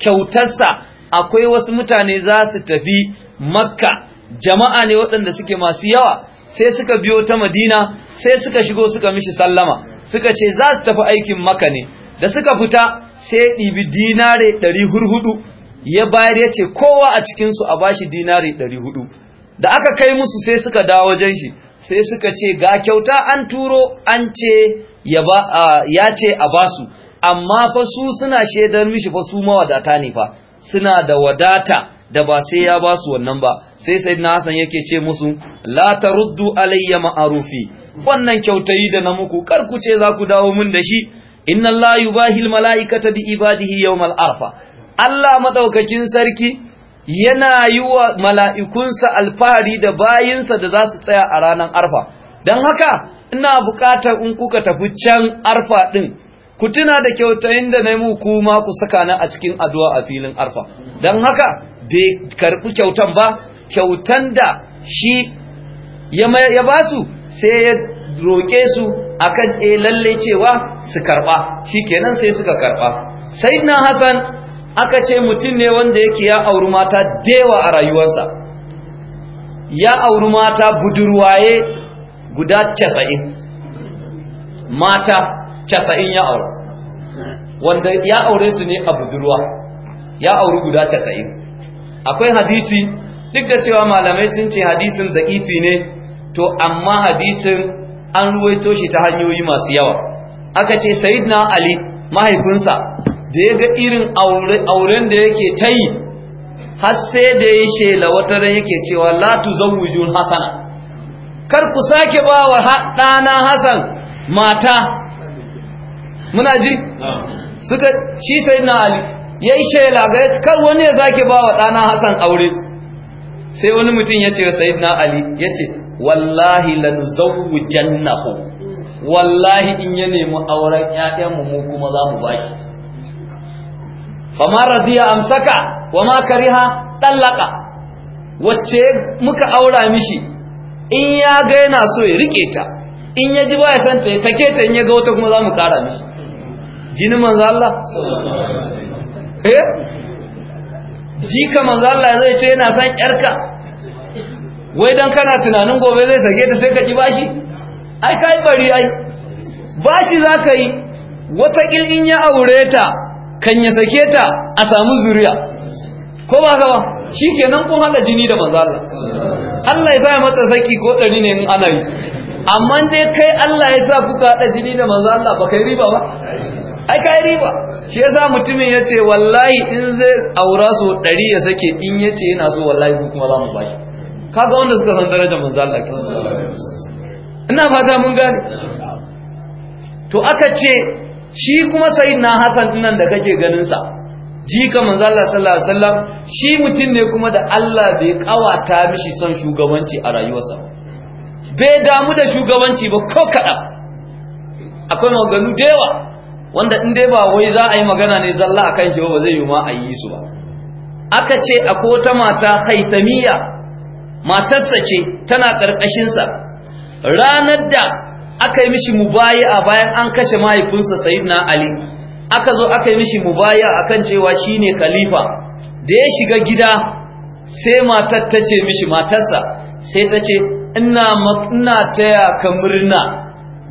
Speaker 1: kyautarsa akwai wasu mutane za su tafi makka jama'a ne waɗanda suke masu yawa sai suka biyo ta madina sai suka shigo suka mishi sallama suka ce za su tafi aikin maka ne da suka fita sai ɗibi dinare ɗari hurhudu ya bayar ya ce kowa a cikinsu a bashi dinare ɗari hudu da aka kai musu sai suka dawo wajen shi sai suka ce ga kyauta an turo an ce ya ce a basu amma fa su suna shaidar mishi fa su mawadata ne fa suna da wadata da ba sai ya ba su wannan ba sai sayyidina Hassan yake ce musu la taruddu alayya ma'rufi wannan kyautayi da na muku kar ku ce za ku dawo mun da shi inna allahu yubahil malaikata bi ibadihi yawmal arfa Allah madaukakin sarki yana yi wa mala'ikunsa alfahari da bayinsa da za su tsaya a ranar arfa don haka ina bukatar in kuka tafi can arfa ɗin ku tuna da kyautayin da na yi muku ma ku saka na a cikin addu'a a filin arfa don haka bai karbi kyautan ba kyautan da shi ya ba su sai ya roƙe su akan eh lalle cewa su karɓa, shi kenan sai suka karɓa. Sai na Hassan aka ce mutum ne wanda yake ya auri mata dewa a rayuwarsa ya auri mata budurwaye guda casa'in mata casa'in ya auri wanda ya aure su ne a budurwa ya auri guda casa'in akwai hadisi duk da cewa malamai sun ce hadisin za'ifi ne to amma hadisin an ruwaito shi ta hanyoyi masu yawa aka ce sayyidina ali mahaifinsa da ya ga irin auren da yake ta yi har sai da ya shela wata ran yake cewa la zawujun hasana kar ku sake ba wa ɗana hasan mata muna ji suka shi sayyidina ali ya yi shela ga ya kar wani ya zaki ba wa ɗana hassan aure sai wani mutum ya ce wa sayid na ali ya ce wallahi lanzawu jannahu wallahi in ya nemi auren ‘ya'yanmu mu kuma za mu baki fama radiya amsaka wa ma kariha ɗallaka wacce muka aura mishi in ya ga yana so ya riƙe ta in ya ji ba ya santa ya sake ta in ya ga wata kuma za mu ƙara mishi jinin manzo Allah Eh? jika manzo Allah zai ce yana san yarka wai dan kana tunanin gobe zai sake ta sai ka ki bashi ai kai bari ai bashi za ka yi wata kilin ya aure ta kan ya sake ta a samu zuriya ko ba ka ba Shi nan kun hada jini da manzo Allah Allah ya sa mata saki ko ɗari ne in ana yi amma dai kai Allah ya sa kuka hada jini da manzo Allah ba kai riba ba ai kai riba shi yasa mutumin yace wallahi in zai aura so 100 ya sake in yace yana so wallahi ku kuma za mu bashi kaga wanda suka san daraja manzo Allah ina fata mun gane to aka ce shi kuma sayyidina Hassan nan da kake ganin sa jika manzo Allah sallallahu alaihi wasallam shi mutum ne kuma da Allah bai kawata mishi son shugabanci a rayuwarsa bai damu da shugabanci ba ko kada akwai maganu da yawa wanda in dai ba wai za a yi magana ne zalla a kan shi ba zai yi ma a yi su ba aka ce akwai wata mata haitamiya matarsa ce tana ƙarƙashinsa ranar da aka yi mishi a bayan an kashe mahaifinsa sayyidina ali aka zo aka yi mishi a akan cewa shine khalifa da ya shiga gida sai matar ta ce mishi matarsa sai ta ce ina ina taya ka murna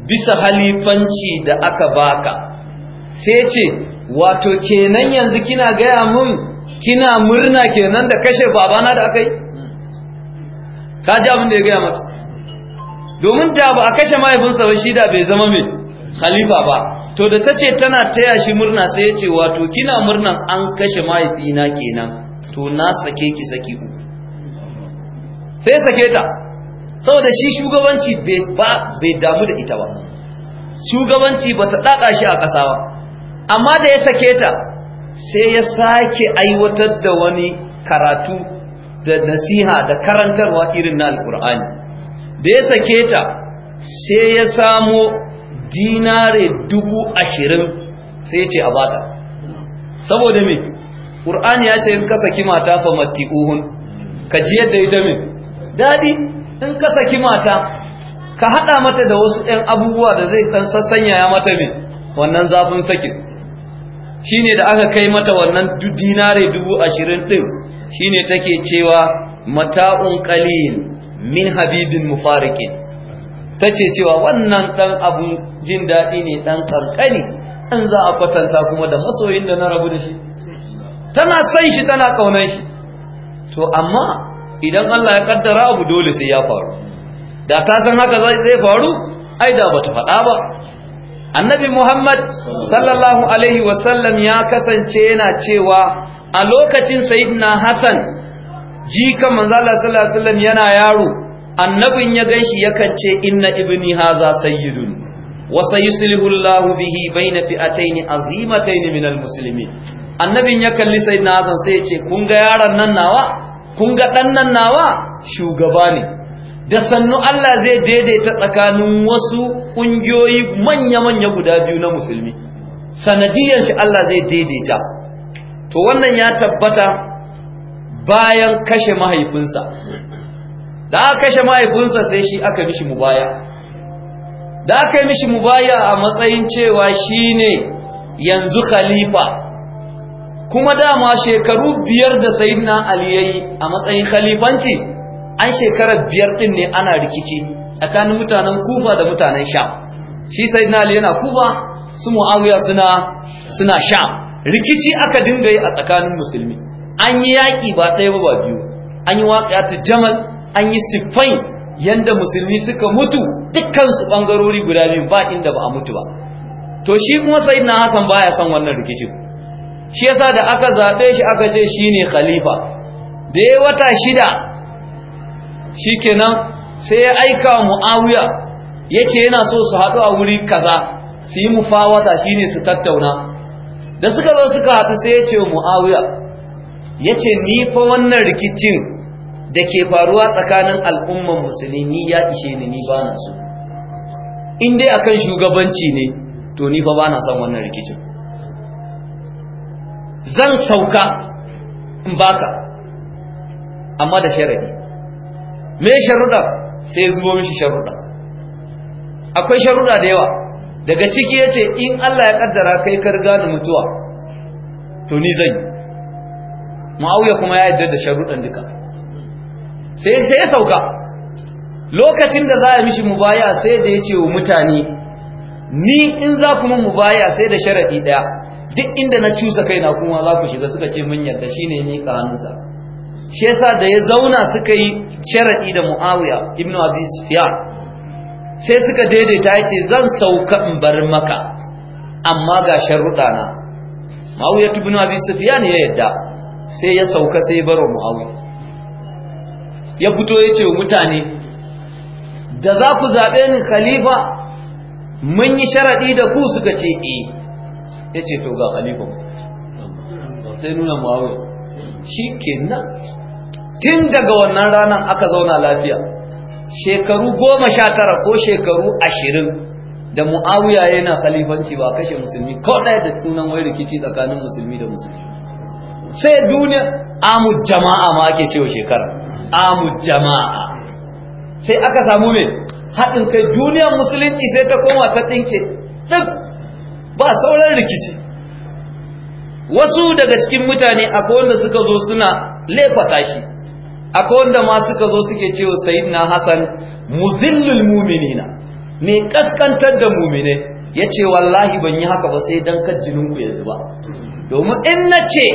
Speaker 1: bisa halifanci da aka baka sai ce wato kenan yanzu kina gaya mun kina murna kenan da kashe babana da aka yi ka ji abin da ya gaya mata domin da ba a kashe mahaifinsa ba shi da bai zama mai khalifa ba to da ta ce tana taya shi murna sai ya ce wato kina murnan an kashe mahaifina kenan to na sake ki saki uku sai sake ta saboda shi shugabanci bai damu da ita ba shugabanci ba ta ɗaɗa shi a ƙasa ba amma da ya sake ta sai ya sake aiwatar da wani karatu da nasiha da karantarwa irin na alkur'ani da ya sake ta sai ya samo dinare dubu ashirin sai ya ce a bata saboda me ƙur'ani ya ce in ka saki mata fa uhun ka ji yadda ita min daɗi in ka saki mata ka haɗa mata da wasu 'yan abubuwa da zai san sassanya ya mata min wannan zafin sakin shine da aka kai mata wannan dinare dubu ashirin ɗin shine take cewa mata'un qalil min habibin mufarikin ta ce cewa wannan ɗan abu jin daɗi ne ɗan ƙanƙani ɗan za a kwatanta kuma da masoyin da na rabu da shi tana son shi tana ƙaunar shi to amma idan Allah ya kaddara abu dole sai ya faru da ta san haka zai faru ai da bata faɗa ba annabi muhammad sallallahu alaihi wasallam ya kasance yana cewa a lokacin sayidina hassan jika manzala sallallahu alaihi wasallam yana yaro annabin ya ganshi yakan ce inna ibni hadha sayyidun wa sayuslihu Allahu bihi baina fi'atayn azimatayn min almuslimin annabin ya kalli sayyidina hassan sai ya ce kun ga yaron nan nawa kun ga dan nan nawa shugaba ne da sannu Allah zai daidaita tsakanin wasu ƙungiyoyi manya-manya guda biyu na musulmi sanadiyar shi Allah zai daidaita to wannan ya tabbata bayan kashe mahaifinsa da aka kashe mahaifinsa sai shi aka mishi mubaya da aka yi mishi mubaya a matsayin cewa shi ne yanzu khalifa kuma dama shekaru biyar da sayidina ali yayi a matsayin khalifanci an shekarar biyar din ne ana rikici tsakanin mutanen kufa da mutanen sha shi sai na yana kufa su mu'awiya suna suna sha rikici aka dinga yi a tsakanin musulmi an yi yaƙi ba ɗaya ba ba biyu an yi ta jamal an yi siffai yanda musulmi suka mutu dukkansu ɓangarori guda biyu ba inda ba a mutu ba to shi kuma sai na hasan baya son wannan rikicin shi yasa da aka zaɓe shi aka ce shine khalifa da ya wata shida Shi kenan sai ya aika muawiya yace yana so su haɗu a wuri kaza su yi mufawata shine su tattauna da suka zo suka haɗu sai yace muawiya yace ni fa wannan rikicin da ke faruwa tsakanin al'umman musulmi ya ishe ni ni ba na so in dai akan shugabanci ne to ni fa ba na son wannan rikicin zan sauka in baka amma da sharadi me sharuɗa sai zubo mishi sharuɗa akwai sharuɗa da yawa daga ciki yace in Allah ya kaddara kai kar gane mutuwa to ni zan Muawiya kuma ya yarda da sharuɗan duka sai sai ya sauka lokacin da za a mishi mubaya sai da ce wa mutane ni in za ku mun mubaya sai da sharadi ɗaya, duk inda na cusa kai na kuma za ku shiga suka ce mun yarda shine ni ka shi yasa da ya zauna suka yi sharaɗi da mu'awiya ibnu abi sufyan sai suka daidaita ya ce zan sauka in bar maka amma ga sharuɗa na mu'awiya ibnu abi sufyan ya yadda sai ya sauka sai ya baro mu'awiya ya fito ya ce mutane da za ku zabe ni khalifa mun yi sharaɗi da ku suka ce eh ya ce to ga khalifa sai nuna mu'awiya shi kenan tun daga wannan ranar aka zauna lafiya shekaru goma sha tara ko shekaru ashirin da mu'awiya yana khalifanci ba kashe musulmi ko ɗaya da sunan wai rikici tsakanin musulmi da musulmi sai duniya amu jama'a ma ake cewa shekara amu jama'a sai aka samu me haɗin kai duniyar musulunci sai ta koma ta ɗinke duk ba sauran rikici wasu daga cikin mutane akwai wanda suka zo suna lefa shi akwai wanda ma suka zo suke cewa sayyidina hasan muzillul mu'minina mai kaskantar da mu'mine yace wallahi ban yi haka ba sai dan kajinin ku yanzu ba domin in nace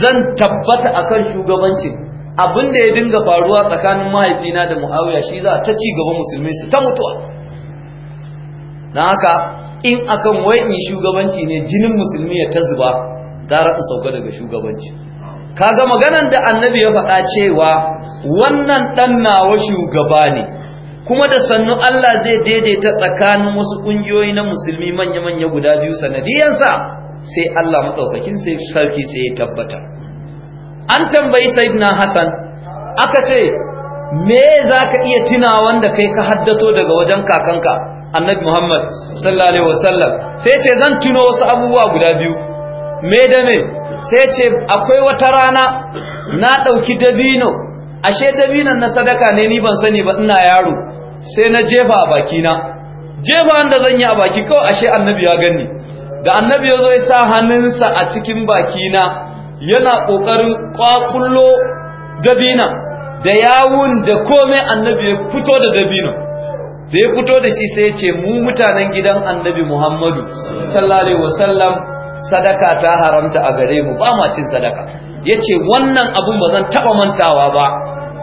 Speaker 1: zan tabbata akan shugabancin abin da ya dinga faruwa tsakanin mahaifina da muawiya shi za ta ci gaba musulmi su ta mutuwa dan haka in akan wai in shugabanci ne jinin musulmi ya ta zuba gara in sauka daga shugabanci kaga maganan da annabi ya faɗa cewa wannan ɗan nawa shugaba ne kuma da sannu Allah zai daidaita tsakanin wasu ƙungiyoyi na musulmi manya-manya guda biyu sanadiyansa sai Allah maɗaukakin sai sarki sai ya tabbata an tambayi sayyidina Hassan aka ce me za ka iya tuna wanda kai ka haddato daga wajen kakanka annabi Muhammad sallallahu alaihi wasallam sai ce zan tuno wasu abubuwa guda biyu me da me sai ce akwai wata rana na ɗauki dabino ashe dabinon na sadaka ne ni ban sani ba ina yaro sai na jefa a bakina jefa da zan yi a baki kawai ashe annabi ya gani da annabi ya zo ya sa hannunsa a cikin bakina yana ƙoƙarin kwakullo dabina da yawun da komai annabi ya fito da dabino da ya fito da shi sai ya ce mu mutanen gidan annabi Muhammadu sallallahu alaihi wasallam sadaka ta haramta a gare mu ba cin sadaka yace wannan abun ba zan taba mantawa ba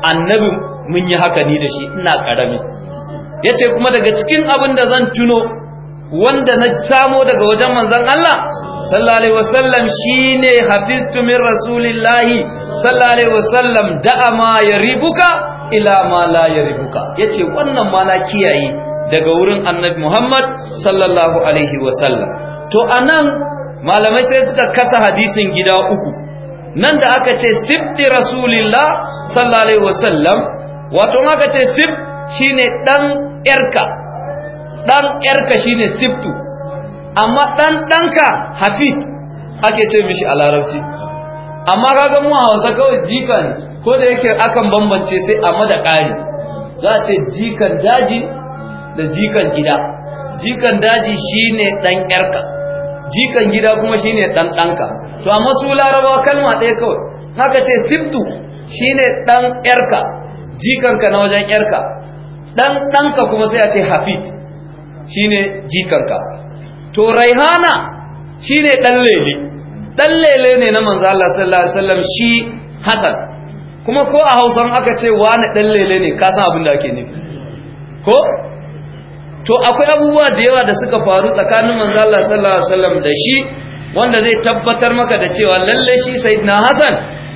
Speaker 1: annabi mun yi haka ni da shi ina karami yace kuma daga cikin abin da zan tuno wanda na samo daga wajen manzon Allah sallallahu alaihi wasallam shine hafiztu min rasulillahi sallallahu alaihi wasallam da'a ma yaribuka ila ma la yaribuka yace wannan ma na kiyaye daga wurin annabi Muhammad sallallahu alaihi wasallam to anan malamai sai suka kasa hadisin gida uku nan da aka ce sibti rasulillah sallallahu alaihi wasallam wato aka ce sib shine dan yarka dan yarka shine sibtu amma dan danka hafid ake ce mishi a larabci amma kaga mu a Hausa kawai jikan ko da yake akan bambance sai a mada ƙari za a ce jikan daji da jikan gida jikan daji shine dan yarka jikan gida kuma shine dan danka to amma su larabawa kalma ɗaya kawai haka ce sibtu shine dan yarka jikanka na wajen yarka dan danka kuma sai a ce hafid shine jikanka to raihana shine dan lele dan lele ne na manzo Allah sallallahu alaihi wasallam shi hasan kuma ko a Hausa aka ce wani dan lele ne ka san abin da ake nufi ko to akwai abubuwa da yawa da suka faru tsakanin manzo Allah sallallahu alaihi wasallam da shi wanda zai tabbatar maka da cewa lalle shi sayyidina Hassan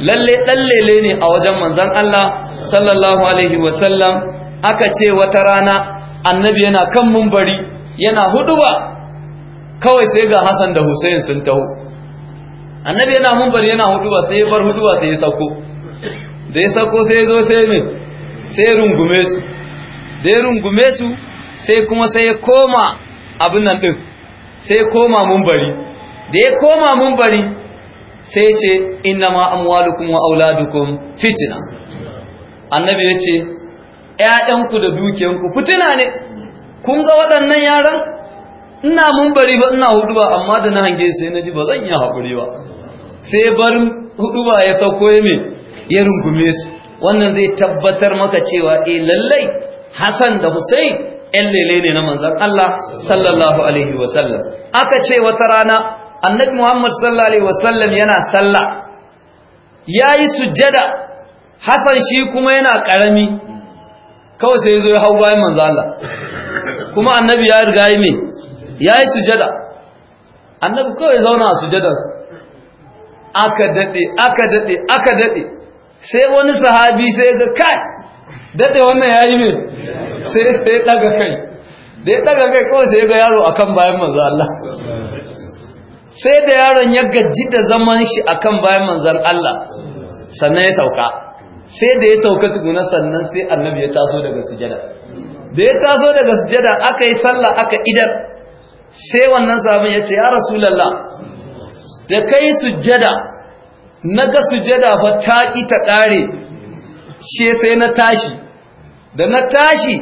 Speaker 1: lalle dallele ne a wajen manzon Allah sallallahu alaihi wasallam aka ce wata rana annabi yana kan mumbari yana huduba kawai sai ga Hassan da Hussein sun taho annabi yana mumbari yana huduba sai ya bar huduba sai ya sako da ya sako sai ya zo sai ne sai rungume su da ya rungume su sai kuma sai ya koma abin nan ɗin sai ya koma bari da ya koma mun bari sai ya ce ina ma amwalukum wa auladukum fitina annabi ya ce ‘ya'yanku da dukiyanku fitina ne kun ga waɗannan yaran ina mun bari ba ina hudu ba amma da na hange sai na ji ba zan iya haƙuri ba sai barin hudu ba ya sauko ya me ya rungume su wannan zai tabbatar maka cewa eh lallai Hassan da Hussein 'yan lele ne na manzan Allah sallallahu alaihi wasallam aka ce wata rana annabi Muhammad sallallahu alaihi wasallam yana sallah yi sujjada Hassan shi kuma yana ƙarami, kawai sai zo ya hau bayan manzan Allah kuma annabi ya riga yi Ya yi sujjada annabi kawai zauna a sujjadarsa aka daɗe, aka daɗe, aka daɗe. sai wani sahabi sai ga kai Daɗe wannan ya yi mai. sai sai ya daga kai da ya daga kai kawai sai ya ga yaro akan bayan manzo Allah sai da yaron ya gaji da zaman shi akan bayan manzon Allah sannan ya sauka sai da ya sauka tukuna sannan sai annabi ya taso daga sujada da ya taso daga sujada aka yi sallah aka idar sai wannan sahabin ya ce ya lalla.' da kai sujada na ga sujada fa ta ita kare shi sai na tashi da na tashi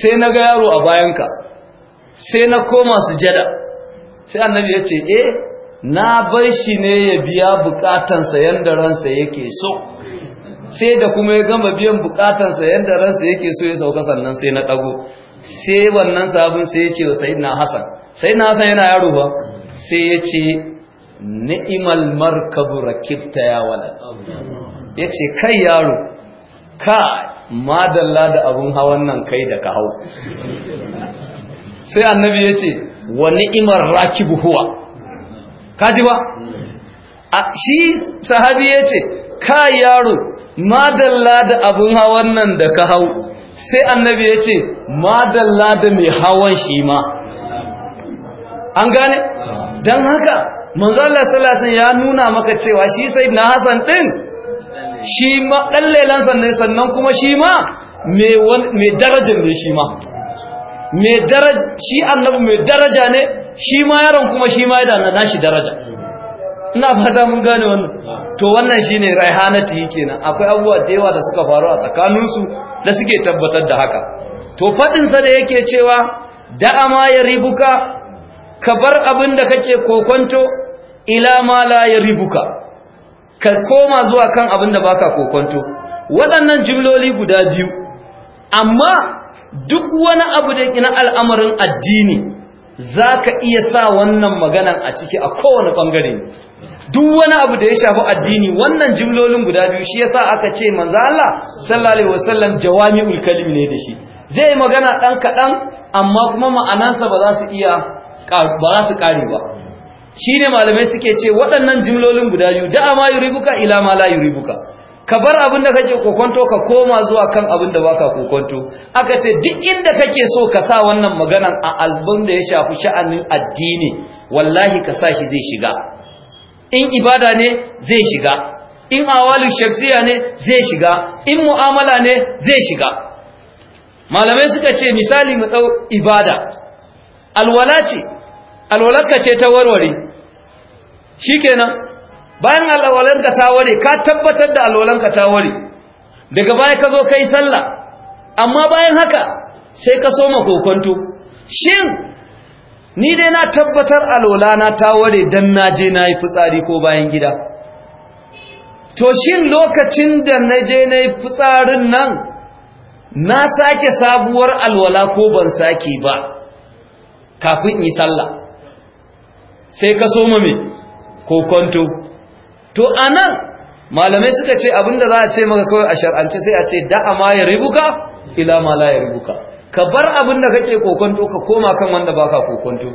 Speaker 1: sai na ga yaro a bayanka sai na koma sujada sai annabi ya ce eh na bar shi ne ya biya bukatansa yanda ransa yake so sai da kuma ya gama biyan bukatansa yanda ransa yake so ya sauka sannan sai na dago sai wannan sabon sai ya ce wa sayyidina hasan sayyidina hasan yana yaro ba sai ya ce ni'mal markabu rakibta ya walad yace kai yaro ka madalla da abun hawan nan kai da ka hau sai annabi ya ce wa ni'imar rakibu huwa kaji ba shi sahabi ya ce ka yaro madalla da abun hawan nan da ka hau sai annabi ya ce madalla da mai hawan shi ma an gane don haka manzala salasin ya nuna maka cewa shi sai na hasan ɗin shi ma ɗan lelan ne sannan kuma shi ma mai darajar ne shi ma shi annabi mai daraja ne shi ma yaron kuma shi ma yana na shi daraja ina fata mun gane wannan to wannan shine raihanati yake nan akwai abubuwa da yawa da suka faru a tsakaninsu da suke tabbatar da haka to sa da yake cewa da ama ya ribuka ka bar abin da kake kokonto ila ma la ya ribuka ka koma zuwa kan abin da baka kokonto waɗannan jimloli guda biyu amma duk wani abu da ina al'amarin addini za ka iya sa wannan maganan a ciki a kowane ɓangare duk wani abu da ya shafi addini wannan jimlolin guda biyu shi ya sa aka ce manzala Allah sallallahu alaihi wasallam jawami kalim ne da shi zai magana ɗan kaɗan amma kuma ma'anansa ba za su iya ba za su kare ba shi ne malamai suke ce waɗannan jimlolin guda biyu da'a ma yuribuka ila ma la yuribuka ka bar abin da kake kokonto ka koma zuwa kan abin da baka kokonto aka ce duk inda kake so ka sa wannan maganan a album da ya shafi sha'anin addini wallahi ka sa shi zai shiga in ibada ne zai shiga in awalu shaksiya ne zai shiga in mu'amala ne zai shiga malamai suka ce misali mu ɗau ibada alwala ce alwalarka ce ta warware shikenan bayan alwalarka ta ware ka tabbatar da alwalarka ta ware daga baya ka zo kai sallah amma bayan haka sai ka soma kokonto shin ni dai na tabbatar alwalana ta ware dan naje nayi fitsari ko bayan gida to shin lokacin da naje nayi fitsarin nan na sake sabuwar alwala ko ban sake ba kafin yi sallah sai ka soma me kokonto to anan malamai suka ce abinda za a ce maka kawai a shar'ance sai a ce da'a ma ya ribuka ila ma la ya ribuka ka bar abinda kake kokonto ka koma kan wanda baka kokonto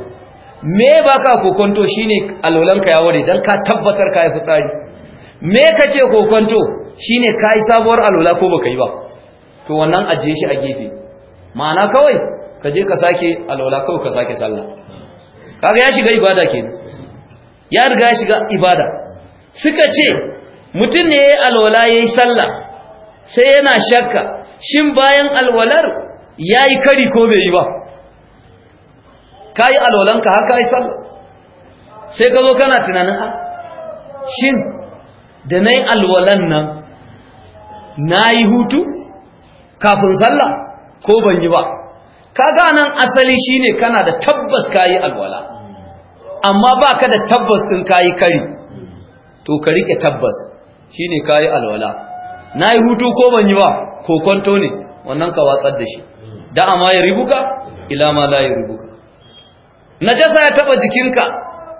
Speaker 1: me baka kokonto shine alwalanka ya ware dan ka tabbatar ka yi fitsari me kake kokonto shine ka yi sabuwar alwala ko baka yi ba to wannan ajiye shi a gefe ma'ana kawai ka je ka sake alwala kawai ka sake sallah kaga ya shiga ibada kenan ya riga ya shiga ibada suka ce mutum ne yayi alwala yayi sallah sai yana shakka shin bayan alwalar yayi kari ko bai yi ba kai alwalanka har ai sallah sai ka zo kana tunanin a ah, shin da nayi alwalan nan nayi hutu kafin sallah ko ban yi ba kaga nan asali shine kana da tabbas kayi alwala amma ba ka da tabbas ɗin kayi kari to ka riƙe tabbas shi ne kayi alwala na yi hutu ko ban yi ba ko kwanto ne wannan ka watsar da shi da amma ya ribuka ila ma la ya ribuka najasa ya taɓa jikinka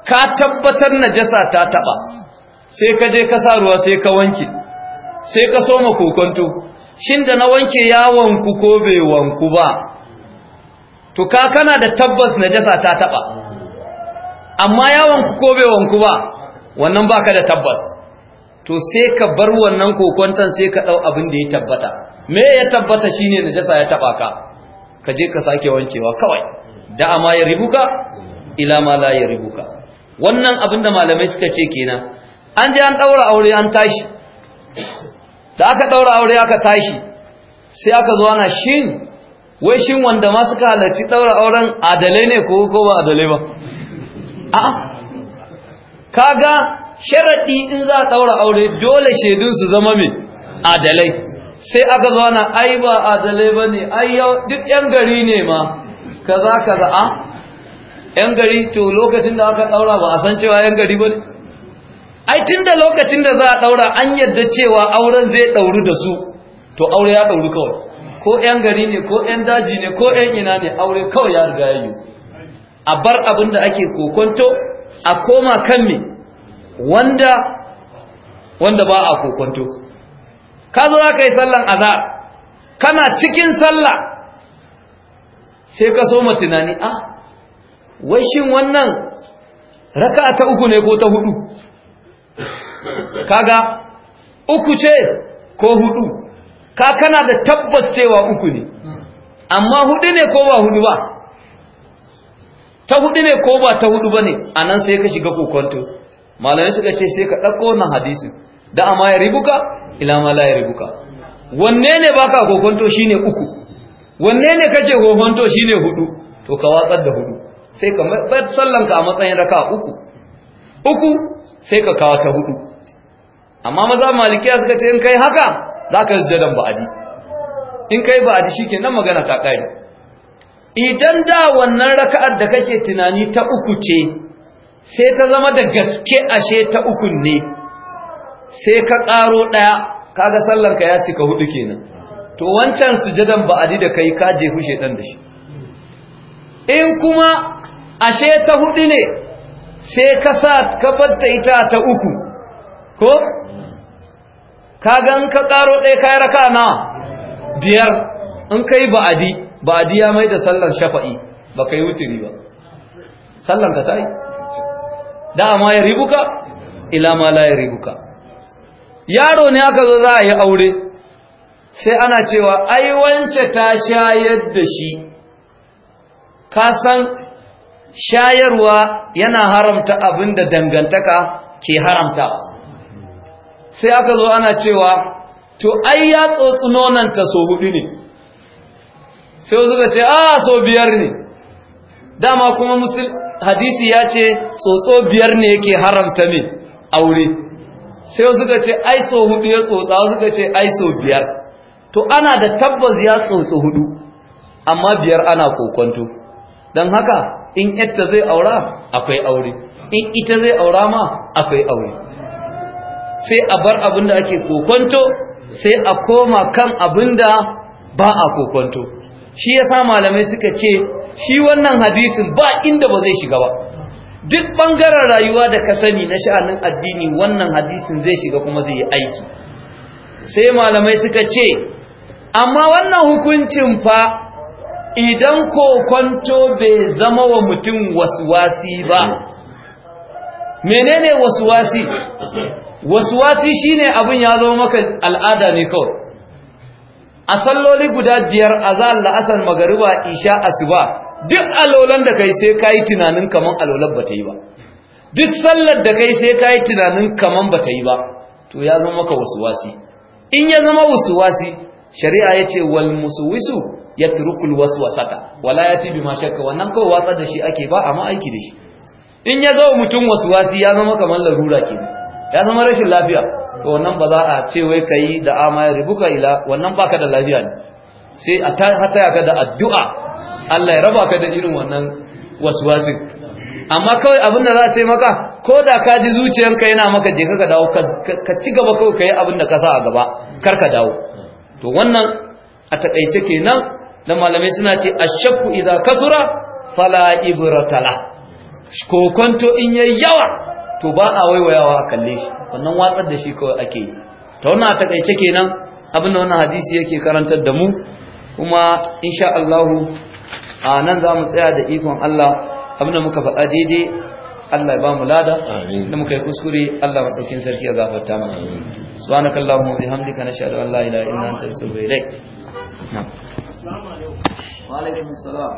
Speaker 1: ka tabbatar najasa ta taɓa sai ka je ka sa ruwa sai ka wanke sai ka soma kokonto shin da na wanke ya wanku ko bai wanku ba to ka kana da tabbas najasa ta taɓa amma yawon ku ko bai wanku ba wannan baka da tabbas to sai ka bar wannan kokontan sai ka dau abin da ya tabbata me ya tabbata shine najasa ya taba ka ka je ka sake wancewa kawai da amma ya ribuka ila ma la ya ribuka wannan abin da malamai suka ce kenan an je an daura aure an tashi da aka daura aure aka tashi sai aka zo ana shin wai shin wanda ma suka halarci daura auren adalai ne ko ko ba adalai ba a'a kaga sharadi in za a ɗaura aure dole shedun su zama me adalai sai aka zo na ai ba adalai bane ai duk yan gari ne ma kaza kaza a yan gari to lokacin da aka daura ba a san cewa yan gari bane ai tunda lokacin da za a daura an yadda cewa auren zai dauru da su to aure ya dauru kawai ko yan gari ne ko yan daji ne ko yan ina ne aure kawai ya riga ya yi a bar abin da ake kokonto a koma kan me wanda wanda ba a kokonto ka zo za ka yi sallan azhar kana cikin sallah sai ka soma tunani a ah, wai shin wannan raka'a ta uku ne ko ta hudu kaga uku ce ko hudu ka kana da tabbas cewa uku ne amma hudu ne ko ba hudu ba ta hudu ne ko ba ta hudu ba ne a nan sai ka shiga kokonto malamai suka ce sai ka ɗauko wannan hadisin da amma ya ribuka ila ma la ya ribuka wanne ne ba ka kokonto ne uku wanne ne kake kokonto ne hudu to ka watsar da hudu sai ka bar sallanka a matsayin raka uku uku sai ka kawo ta hudu amma maza malikiya suka ce in kai haka za ka yi jadan ba'adi in kai ba'adi shi ke nan magana ta ƙari idan da wannan raka'ar da kake tunani ta uku ce sai ta zama da gaske ashe ta uku ne sai ka ƙaro ɗaya kaga ka ya cika hudu kenan to wancan sujadan ba'adi da kai ka je jefu shedan da shi in kuma ashe ta hudu ne sai ka sa ka batta ita ta uku ko kaga in ka ƙaro ɗaya kai raka'a na biyar in kai ba'adi ba a diya mai da sallar shafa'i ba kai wuturi ba sallan ka yi? da ma ya ribuka ila ma la ya ribuka yaro ne aka zo za a yi aure sai ana cewa ai wance ta shayar da shi ka san shayarwa yana haramta abin da dangantaka ke haramta sai aka zo ana cewa to ai ya tsotsi nonanta so hudu ne sai suka ce a ah, so biyar ne dama kuma musul hadisi ya ce tsotso biyar ne yake haramta ne aure sai suka ce ai so hudu ya tsotsa suka ce ai so biyar to ana da tabbas ya tsotso hudu amma biyar ana kokonto don haka in yadda zai aura akwai aure in ita zai aura ma akwai aure sai a bar abinda ake kokonto sai a koma kan abinda da ba a kokonto shi ya yasa malamai suka ce shi wannan hadisin ba inda ba zai shiga ba duk bangaren rayuwa da ka sani na sha'anin addini wannan hadisin zai shiga kuma zai yi aiki sai malamai suka ce amma wannan hukuncin fa idan kokonto bai zama wa mutum wasuwasi ba menene wasuwasi wasuwasi shine abin ya zama maka al'ada ne kawai a salloli guda biyar a azal la'asar magariba isha asuba duk alolan da kai sai kayi tunanin kaman alolan ba ta yi ba duk sallar da kai sai kayi tunanin kaman ta yi ba to ya zama wasu wasuwasi in ya zama wasuwasi shari'a ya ce wal musuwisu wasu waswasata wala ya yati bima shakka wannan kawai watsar da shi ake ba amma aiki da shi in ya zama mutum wasuwasi ya zama kaman larura kenan ya zama rashin lafiya to wannan ba za a ce wai kai da ama ya ribuka ila wannan baka da lafiya ne sai a ta ya ka da addu'a Allah ya raba ka da irin wannan waswasin amma kawai abin da za a ce maka ko da ka ji zuciyanka yana maka je ka dawo ka ci gaba kawai ka yi abin da ka sa a gaba kar ka dawo to wannan a takaice kenan da malamai suna ce ashakku idza kasura fala ibratala kokonto in yayi yawa to ba a waiwayawa a kalle shi wannan watsar da shi kawai ake yi ta wannan a takaice kenan abin da wannan hadisi yake karantar da mu kuma insha anan a nan tsaya da ikon Allah abin da muka faɗa daidai Allah ya ba mu lada da muka yi kuskure Allah maɗaukin sarki ya gafarta mana subhanakallahumma bihamdika nashhadu an la ilaha illa anta astaghfiruka wa atubu ilaik wa